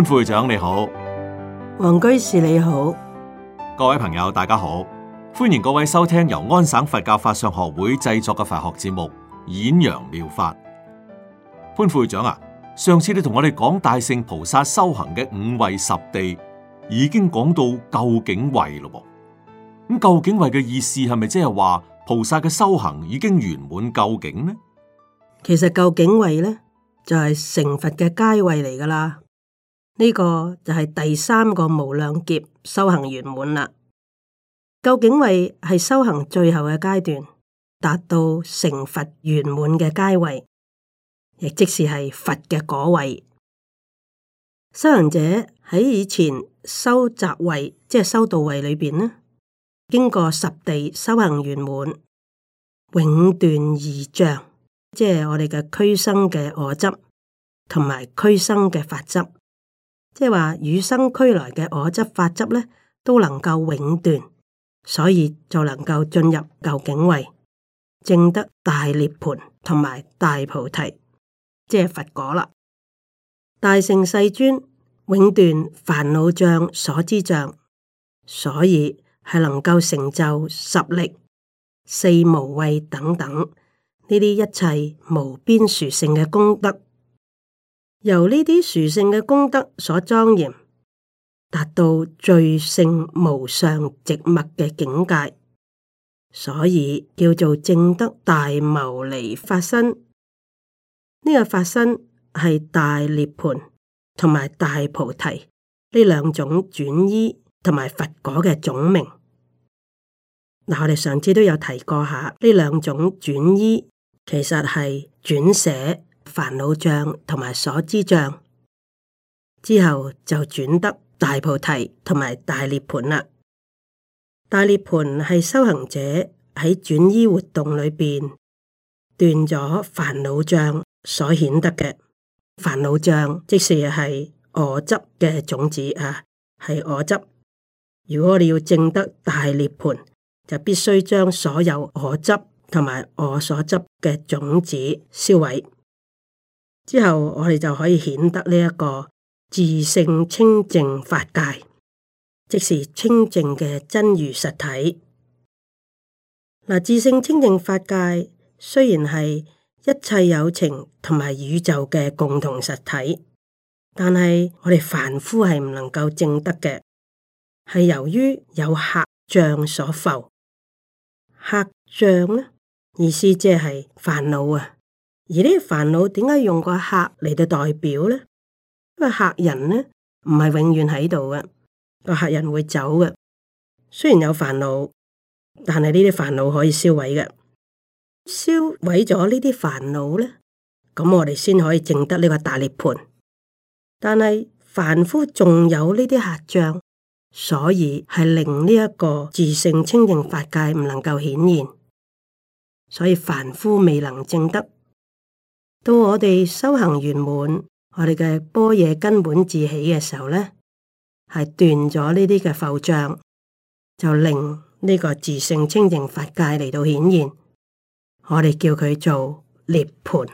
潘副會長你好，黃居士你好，各位朋友大家好，歡迎各位收聽由安省佛教法相學會製作嘅佛學節目《演揚妙，妙法》。潘副會長啊，上次你同我哋講大乘菩薩修行嘅五位十地，已經講到究竟位咯。咁究竟位嘅意思係咪即係話菩薩嘅修行已經圓滿究竟呢？其實究竟位咧就係、是、成佛嘅階位嚟噶啦。呢個就係第三個無量劫修行圓滿啦。究竟位係修行最後嘅階段，達到成佛圓滿嘅階位，亦即是佛嘅果位。修行者喺以前修習位，即係修道位裏邊呢，經過十地修行圓滿，永斷二障，即係我哋嘅驅生嘅我執同埋驅生嘅法執。即係話與生俱來嘅我執、法執呢，都能夠永斷，所以就能夠進入究竟位，證得大涅槃同埋大菩提，即係佛果啦。大乘世尊永斷煩惱障、所知障，所以係能夠成就十力、四無畏等等呢啲一切無邊殊勝嘅功德。由呢啲殊勝嘅功德所莊嚴，達到最勝無上寂滅嘅境界，所以叫做正德大牟尼法身。呢、這個法身係大涅槃同埋大菩提呢兩種轉依同埋佛果嘅種名。我哋上次都有提過下呢兩種轉依，其實係轉捨。煩惱障同埋所知障之後就轉得大菩提同埋大涅盤啦。大涅盤係修行者喺轉依活動裏邊斷咗煩惱障所顯得嘅。煩惱障即係我執嘅種子啊，係我執。如果你要證得大涅盤，就必須將所有我執同埋我所執嘅種子銷毀。之後我哋就可以顯得呢一個自性清淨法界，即是清淨嘅真如實體。嗱，自性清淨法界雖然係一切有情同埋宇宙嘅共同實體，但係我哋凡夫係唔能夠證得嘅，係由於有客像所浮。客像呢意思即係煩惱啊！而呢啲煩惱點解用個客嚟到代表咧？因為客人咧唔係永遠喺度嘅，個客人會走嘅。雖然有煩惱，但係呢啲煩惱可以銷毀嘅。銷毀咗呢啲煩惱咧，咁我哋先可以證得呢個大涅槃。但係凡夫仲有呢啲客障，所以係令呢一個自性清淨法界唔能夠顯現。所以凡夫未能證得。到我哋修行圓滿，我哋嘅般若根本自起嘅時候咧，係斷咗呢啲嘅浮像，就令呢個自性清淨法界嚟到顯現，我哋叫佢做涅槃。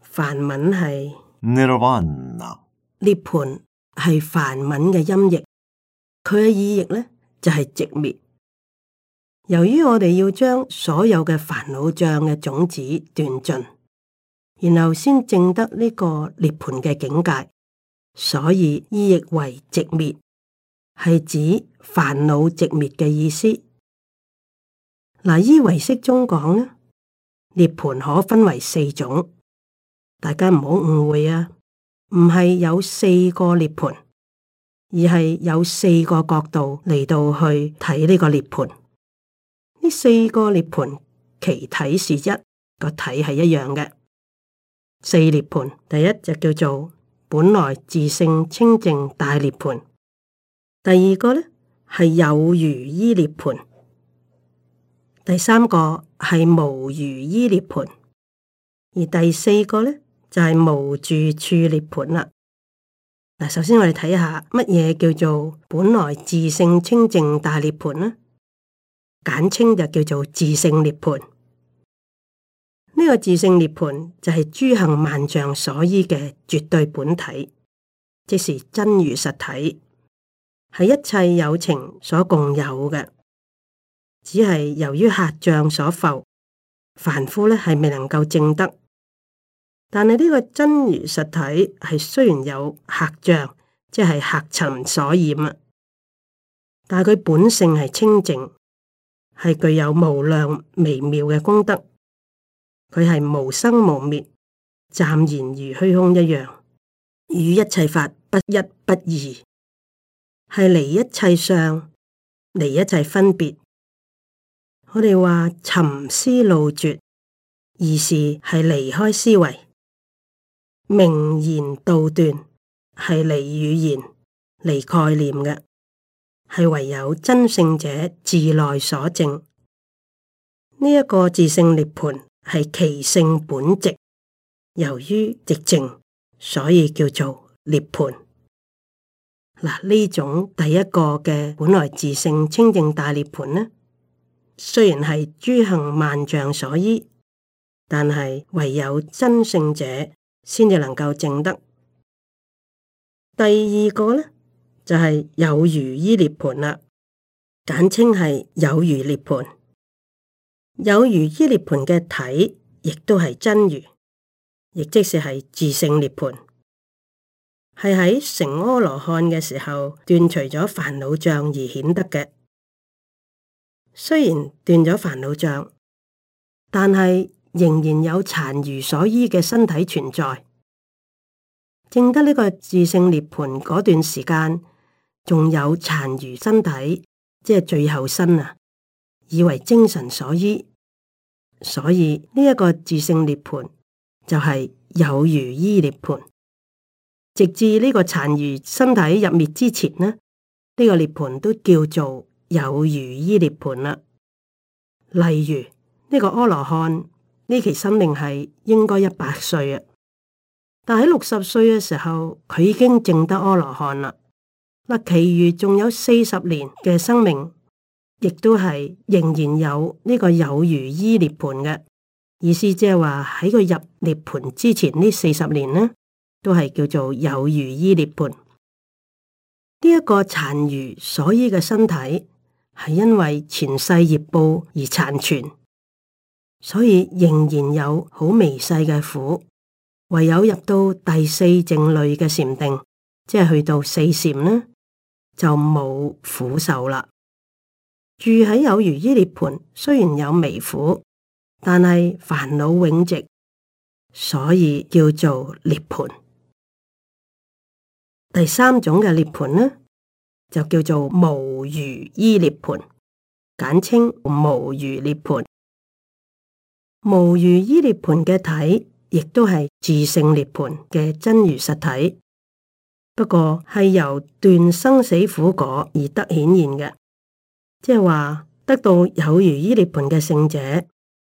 梵文係涅 Little one. 槃係梵文嘅音譯，佢嘅意譯咧就係寂滅。由於我哋要將所有嘅煩惱障嘅種子斷盡。然後先證得呢個涅槃嘅境界，所以依亦為寂滅，係指煩惱寂滅嘅意思。嗱，唯識中講呢，涅槃可分為四種，大家唔好誤會啊，唔係有四個涅槃，而係有四個角度嚟到去睇呢個涅槃。呢四個涅槃其體是一，個體係一樣嘅。四涅盤，第一就叫做本來自性清淨大涅盤，第二個呢，係有如依涅盤，第三個係無如依涅盤，而第四個呢，就係無住處涅盤啦。嗱，首先我哋睇下乜嘢叫做本來自性清淨大涅盤呢？簡稱就叫做自性涅盤。呢個自性涅盤就係諸行萬象所依嘅絕對本體，即是真如實體，係一切有情所共有嘅。只係由於客障所浮，凡夫咧係未能夠證得。但係呢個真如實體係雖然有客障，即係客塵所染啊，但係佢本性係清淨，係具有無量微妙嘅功德。佢係無生無滅，暫然如虛空一樣，與一切法不一不異。係離一切相，離一切分別。我哋話尋思路絕，而是係離開思維、名言、道斷，係離語言、離概念嘅，係唯有真聖者自內所證呢一個自性涅槃。係其性本直，由於直正，所以叫做涅槃。嗱，呢種第一個嘅本來自性清淨大涅槃呢，雖然係諸行萬象所依，但係唯有真聖者先至能夠證得。第二個呢，就係、是、有餘依涅槃啦，簡稱係有餘涅槃。有如依涅盤嘅體，亦都係真如，亦即使是係自性涅盤，係喺成阿羅漢嘅時候斷除咗煩惱障而顯得嘅。雖然斷咗煩惱障，但係仍然有殘餘所依嘅身體存在。證得呢個自性涅盤嗰段時間，仲有殘餘身體，即係最後身啊！以為精神所依，所以呢個自性涅槃就係有餘依涅槃，直至呢個殘餘身體入滅之前呢，呢個涅槃都叫做有餘依涅槃啦。例如呢個阿羅漢，呢期生命係應該一百歲啊，但喺六十歲嘅時候，佢已經證得阿羅漢啦。嗱，其餘仲有四十年嘅生命。亦都係仍然有呢個有餘依涅盤嘅意思，即係話喺佢入涅盤之前呢四十年呢，都係叫做有餘依涅盤。呢、這、一個殘餘所依嘅身體，係因為前世業報而殘存，所以仍然有好微細嘅苦。唯有入到第四靜慮嘅禪定，即係去到四禪呢，就冇苦受啦。住喺有餘依涅槃，雖然有微苦，但係煩惱永寂，所以叫做涅槃。第三種嘅涅槃呢，就叫做無餘依涅槃，簡稱無餘涅槃。無餘依涅槃嘅體，亦都係自性涅槃嘅真如實體，不過係由斷生死苦果而得顯現嘅。即係話得到有餘依涅盤嘅聖者，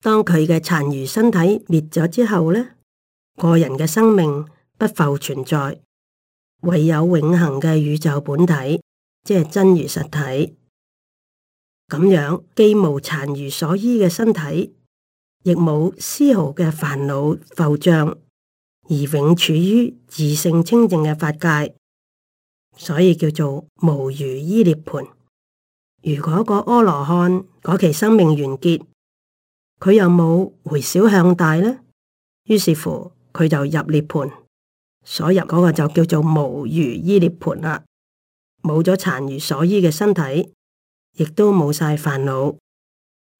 當佢嘅殘餘身體滅咗之後咧，個人嘅生命不復存在，唯有永恒嘅宇宙本體，即係真如實體，咁樣既無殘餘所依嘅身體，亦冇絲毫嘅煩惱浮脹，而永處於自性清淨嘅法界，所以叫做無餘依涅盤。如果個阿羅漢嗰期生命完結，佢又冇回小向大咧，於是乎佢就入涅盤，所入嗰個就叫做無餘依涅盤啦，冇咗殘餘所依嘅身體，亦都冇晒煩惱，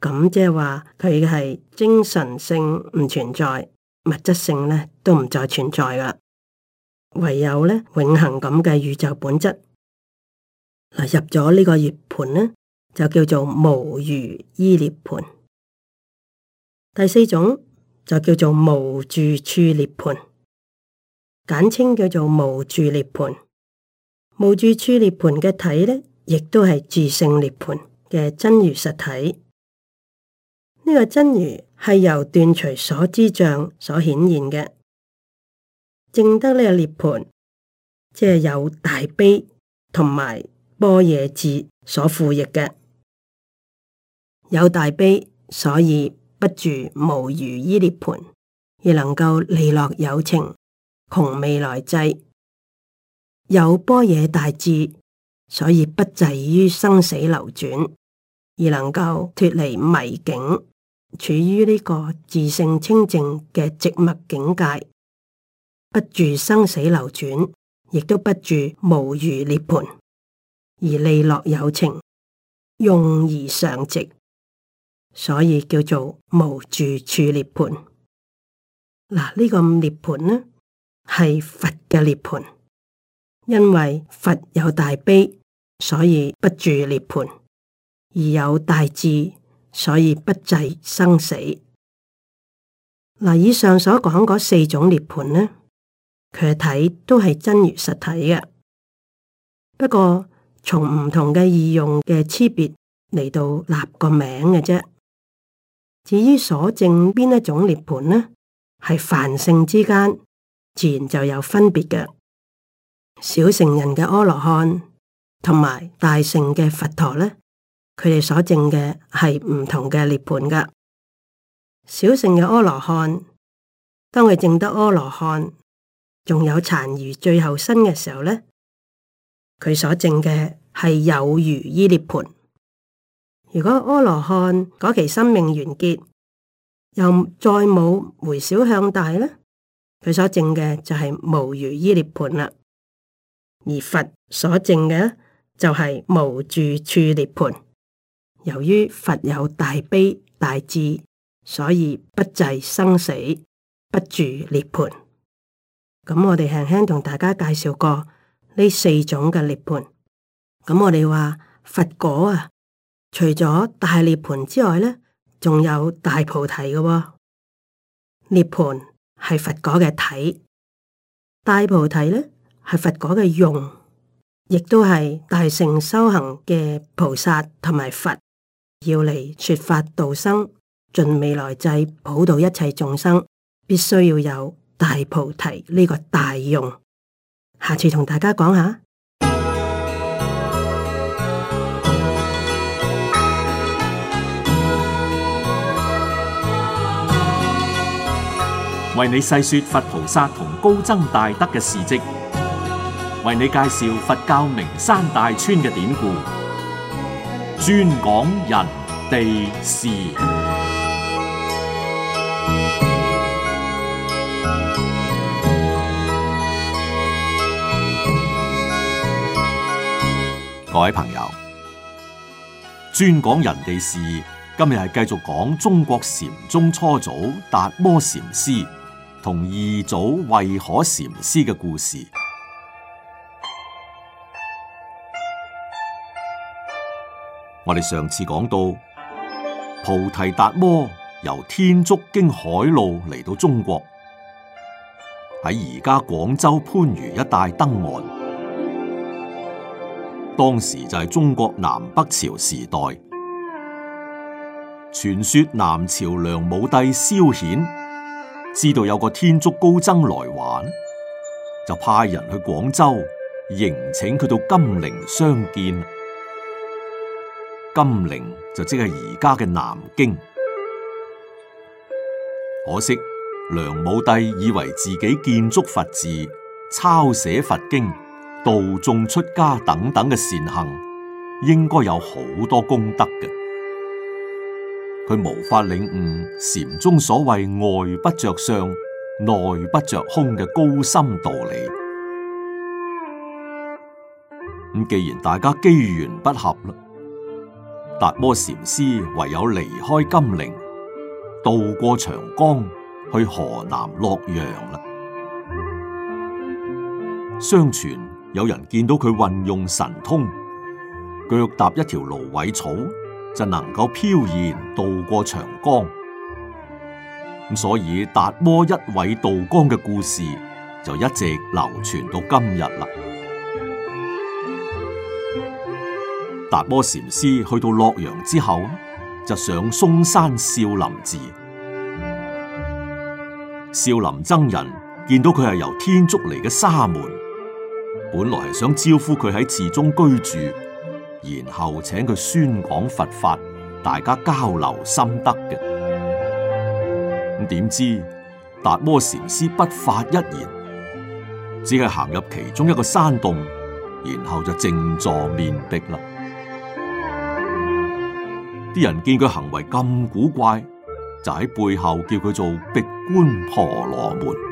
咁即係話佢嘅係精神性唔存在，物質性咧都唔再存在啦，唯有咧永恆咁嘅宇宙本質。入咗呢個涅槃呢，就叫做無餘依涅槃。第四種就叫做無住處涅槃，簡稱叫做無住涅槃。無住處涅槃嘅體呢，亦都係自性涅槃嘅真如實體。呢、這個真如係由斷除所知障所顯現嘅證得呢個涅槃，即係有大悲同埋。般若智所富亦嘅有大悲，所以不住無餘依涅盤，而能夠利樂有情，窮未來際。有般若大智，所以不滯於生死流轉，而能夠脫離迷境，處於呢個自性清淨嘅植物境界，不住生死流轉，亦都不住無餘涅盤。而利樂有情，用而常寂，所以叫做無住處涅槃。嗱，呢個涅槃呢，係佛嘅涅槃，因為佛有大悲，所以不住涅槃，而有大智，所以不滯生死。嗱，以上所講嗰四種涅槃呢，佢嘅體都係真如實體嘅，不過，從唔同嘅意用嘅區別嚟到立個名嘅啫。至於所證邊一種涅盤呢？係凡聖之間，自然就有分別嘅。小聖人嘅阿羅漢，同埋大聖嘅佛陀呢，佢哋所證嘅係唔同嘅涅盤㗎。小聖嘅阿羅漢，當佢證得阿羅漢，仲有殘餘最後身嘅時候呢，佢所證嘅係有餘依涅盤。如果阿羅漢嗰期生命完結，又再冇回小向大咧，佢所證嘅就係無餘依涅盤啦。而佛所證嘅咧，就係無住處涅盤。由於佛有大悲大智，所以不滯生死，不住涅盤。咁我哋輕輕同大家介紹過。呢四種嘅涅盤，咁我哋話佛果啊，除咗大涅盤之外咧，仲有大菩提嘅喎，哦。涅盤係佛果嘅體，大菩提咧係佛果嘅用，亦都係大乘修行嘅菩薩同埋佛要嚟說法度生，盡未來際普度一切眾生，必須要有大菩提呢個大用。下次同大家講下，為你細說佛菩薩同高僧大德嘅事迹，為你介紹佛教名山大川嘅典故，專講人地事。各位朋友，專講人哋事，今日係繼續講中國禪宗初祖達摩禪師同二祖慧可禪師嘅故事。我哋上次講到菩提達摩由天竺經海路嚟到中國，喺而家廣州番禺一帶登岸。當時就係中國南北朝時代，傳說南朝梁武帝蕭衍知道有個天竺高僧來玩，就派人去廣州迎請佢到金陵相見。金陵就即係而家嘅南京。可惜梁武帝以為自己建築佛寺、抄寫佛經。度眾出家等等嘅善行，應該有好多功德嘅。佢無法領悟禪宗所謂外不着相、內不着空嘅高深道理。咁既然大家機緣不合啦，達摩禪師唯有離開金陵，渡過長江去河南洛陽啦。相傳。有人見到佢運用神通，腳踏一條蘆葦草就能夠飄然渡過長江。咁所以達摩一葦渡江嘅故事就一直流傳到今日啦。達摩禪師去到洛陽之後，就上嵩山少林寺。少林僧人見到佢係由天竺嚟嘅沙門。本來係想招呼佢喺寺中居住，然後請佢宣講佛法，大家交流心得嘅。咁點知達摩禪師不發一言，只係行入其中一個山洞，然後就靜坐面壁啦。啲人見佢行為咁古怪，就喺背後叫佢做壁觀婆羅門。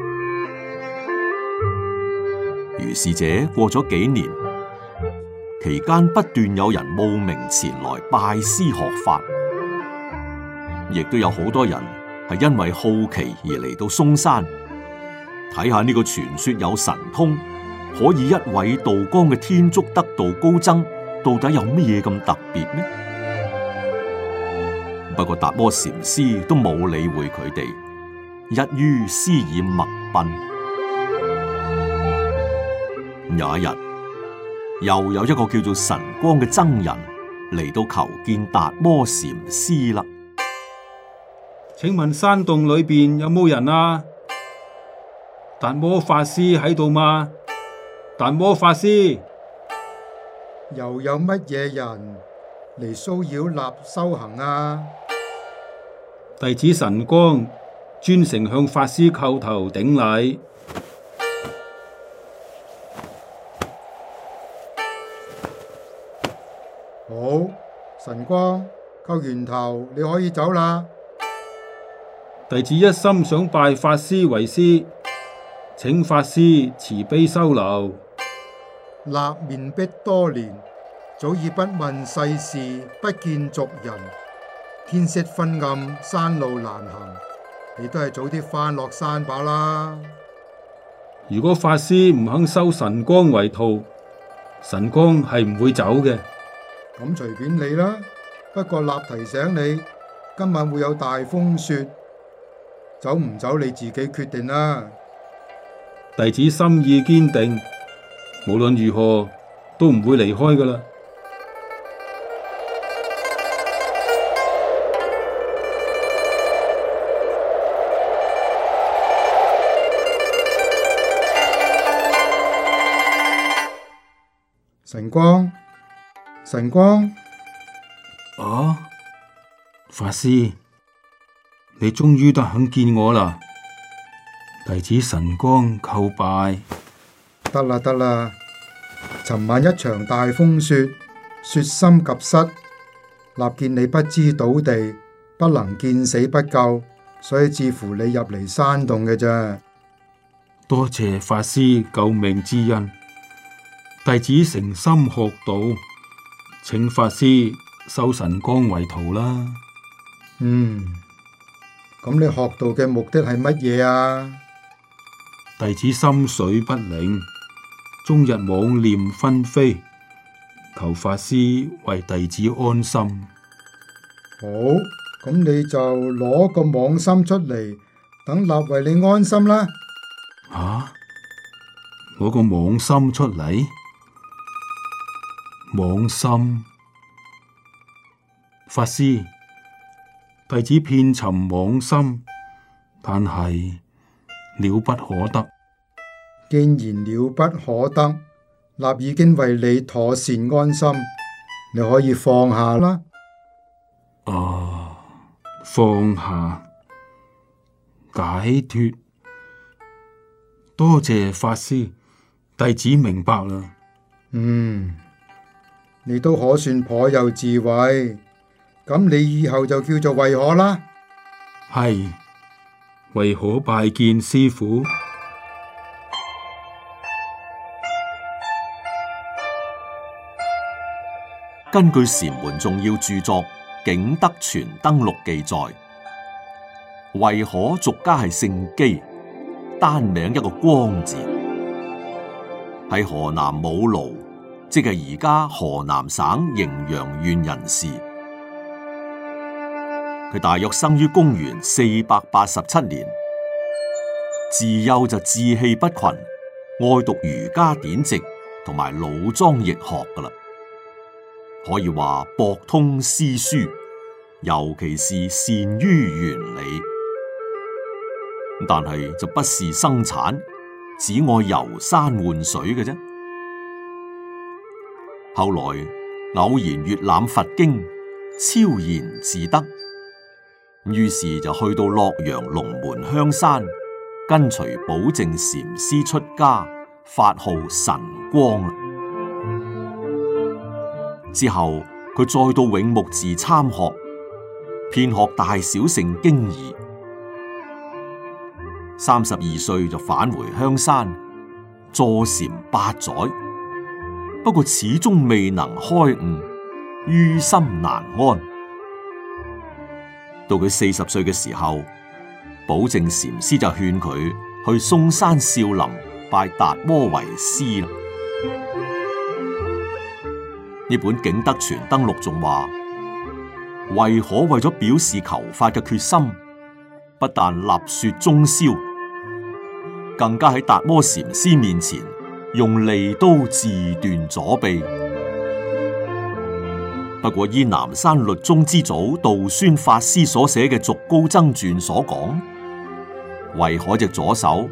如是者過咗幾年，期間不斷有人慕名前來拜師學法，亦都有好多人係因為好奇而嚟到嵩山，睇下呢個傳說有神通，可以一位道光嘅天竺得道高僧，到底有咩嘢咁特別呢？不過達摩禪師都冇理會佢哋，一於施以默擯。有一日，又有一個叫做神光嘅僧人嚟到求見達摩禪師啦。請問山洞裏面有冇人啊？達摩法師喺度嗎？達摩法師，又有乜嘢人嚟騷擾立修行啊？弟子神光專程向法師叩頭頂禮。神光，叩完頭，你可以走啦。弟子一心想拜法師為師，請法師慈悲收留。立面壁多年，早已不問世事，不見俗人。天色昏暗，山路難行，你都係早啲返落山吧啦。如果法師唔肯收神光為徒，神光係唔會走嘅。咁隨便你啦，不過立提醒你，今晚會有大風雪，走唔走你自己決定啦、啊。弟子心意堅定，無論如何都唔會離開㗎喇。晨光。神光，啊、哦，法師，你終於都肯見我啦，弟子神光叩拜。得啦得啦，尋晚一場大風雪，雪深及膝，立見你不知倒地，不能見死不救，所以至乎你入嚟山洞嘅啫。多謝法師救命之恩，弟子誠心學道。請法師收神光為徒啦。嗯，咁你學道嘅目的係乜嘢啊？弟子心水不寧，終日妄念紛飛，求法師為弟子安心。好，咁你就攞個妄心出嚟，等立為你安心啦。吓、啊？攞個妄心出嚟？妄心，法師，弟子遍尋妄心，但係了不可得。既然了不可得，立已經為你妥善安心，你可以放下啦。哦，放下解脫，多謝法師，弟子明白啦。嗯。你都可算頗有智慧，咁你以後就叫做慧可啦。係，慧可拜見師父。根據禪門重要著作《景德傳燈錄》記載，慧可俗家係姓姬，單名一個光字，喺河南武牢，即係而家河南省滎陽縣人士，佢大約生於公元四百八十七年，自幼就志氣不群，愛讀儒家典籍同埋老莊易學噶啦，可以話博通詩書，尤其是善於原理，但係就不事生產，只愛遊山玩水嘅啫。後來偶然閱覽佛經，超然自得，於是就去到洛陽龍門香山，跟隨寶靜禪師出家，法號神光。之後佢再到永穆寺參學，遍學大小乘經義。三十二歲就返回香山，坐禪八載。不過始終未能開悟，於心難安。到佢四十歲嘅時候，寶靜禪師就勸佢去嵩山少林拜達摩為師啦。呢本《景德傳燈錄》仲話，慧可為咗表示求法嘅決心，不但立雪終宵，更加喺達摩禪師面前。用利刀自斷左臂，不過依南山律宗之祖道宣法師所寫嘅《續高僧傳》所講，慧可隻左手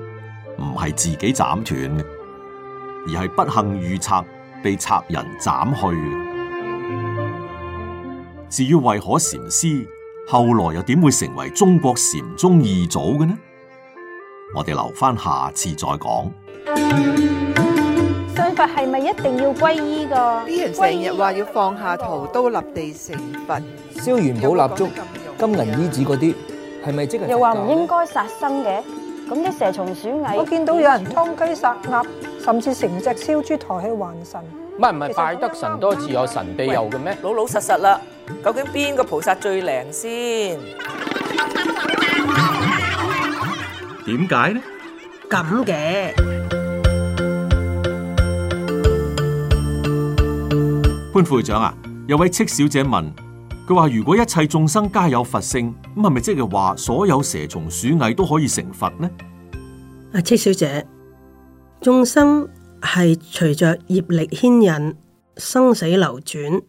唔係自己斬斷嘅，而係不幸遇賊被賊人斬去。至於慧可禪師後來又點會成為中國禪宗二祖嘅呢？我哋留翻下,下次再講。係咪一定要皈依噶？啲人成日話要放下屠刀立地成佛，燒元寶蠟燭、金銀衣紙嗰啲，係咪即係？又話唔應該殺生嘅，咁啲蛇蟲鼠蟻，我見到有人劏雞殺鴨，甚至成隻燒豬抬去還神。唔係唔係，拜得神多自有神庇佑嘅咩？老老實實啦，究竟邊個菩薩最靈先？點解呢？咁嘅。潘會長啊，有位戚小姐問，佢話如果一切眾生皆有佛性，咁係咪即係話所有蛇蟲鼠蟻都可以成佛呢？阿戚小姐，眾生係隨着業力牽引，生死流轉，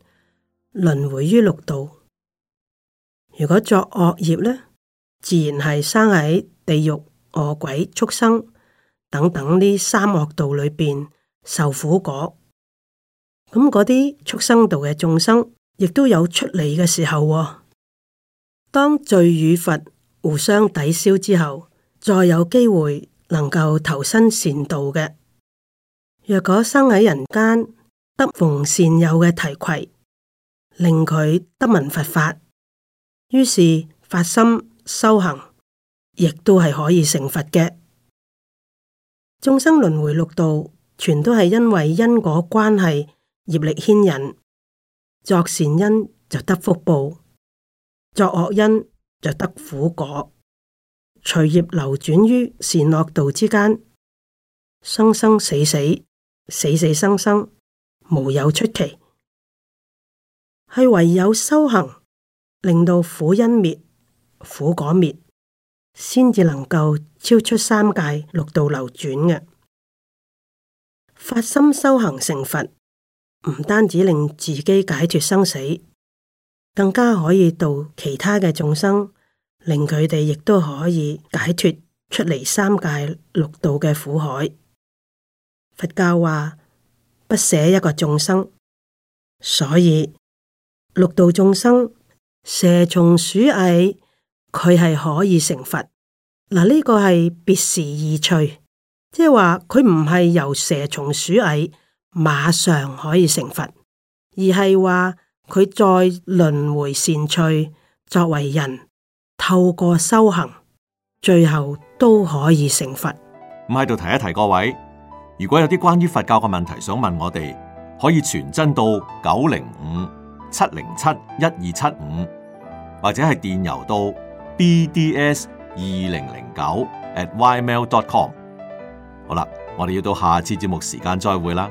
輪回於六道。如果作惡業呢，自然係生喺地獄、餓鬼、畜生等等呢三惡道裏邊受苦果。咁嗰啲畜生道嘅眾生，亦都有出嚟嘅時候，哦。當罪與罰互相抵消之後，再有機會能夠投身善道嘅。若果生喺人間，得逢善友嘅提攜，令佢得聞佛法，於是發心修行，亦都係可以成佛嘅。眾生輪迴六道，全都係因為因果關係。業力牽引，作善因就得福報，作惡因就得苦果。隨業流轉於善惡道之間，生生死死，死死生生，無有出期。係唯有修行，令到苦因滅、苦果滅，先至能夠超出三界六道流轉嘅發心修行成佛。唔單止令自己解脫生死，更加可以度其他嘅眾生，令佢哋亦都可以解脫出嚟三界六道嘅苦海。佛教話不捨一個眾生，所以六道眾生蛇蟲鼠蟻，佢係可以成佛。嗱、這、呢個係別時意趣，即係話佢唔係由蛇蟲鼠蟻。馬上可以成佛，而係話佢再輪迴善趣，作為人透過修行，最後都可以成佛。咁喺度提一提各位，如果有啲關於佛教嘅問題想問我哋，可以傳真到九零五七零七一二七五，75, 或者係電郵到 bds 二零零九 @ymail.com。好啦，我哋要到下次節目時間再會啦。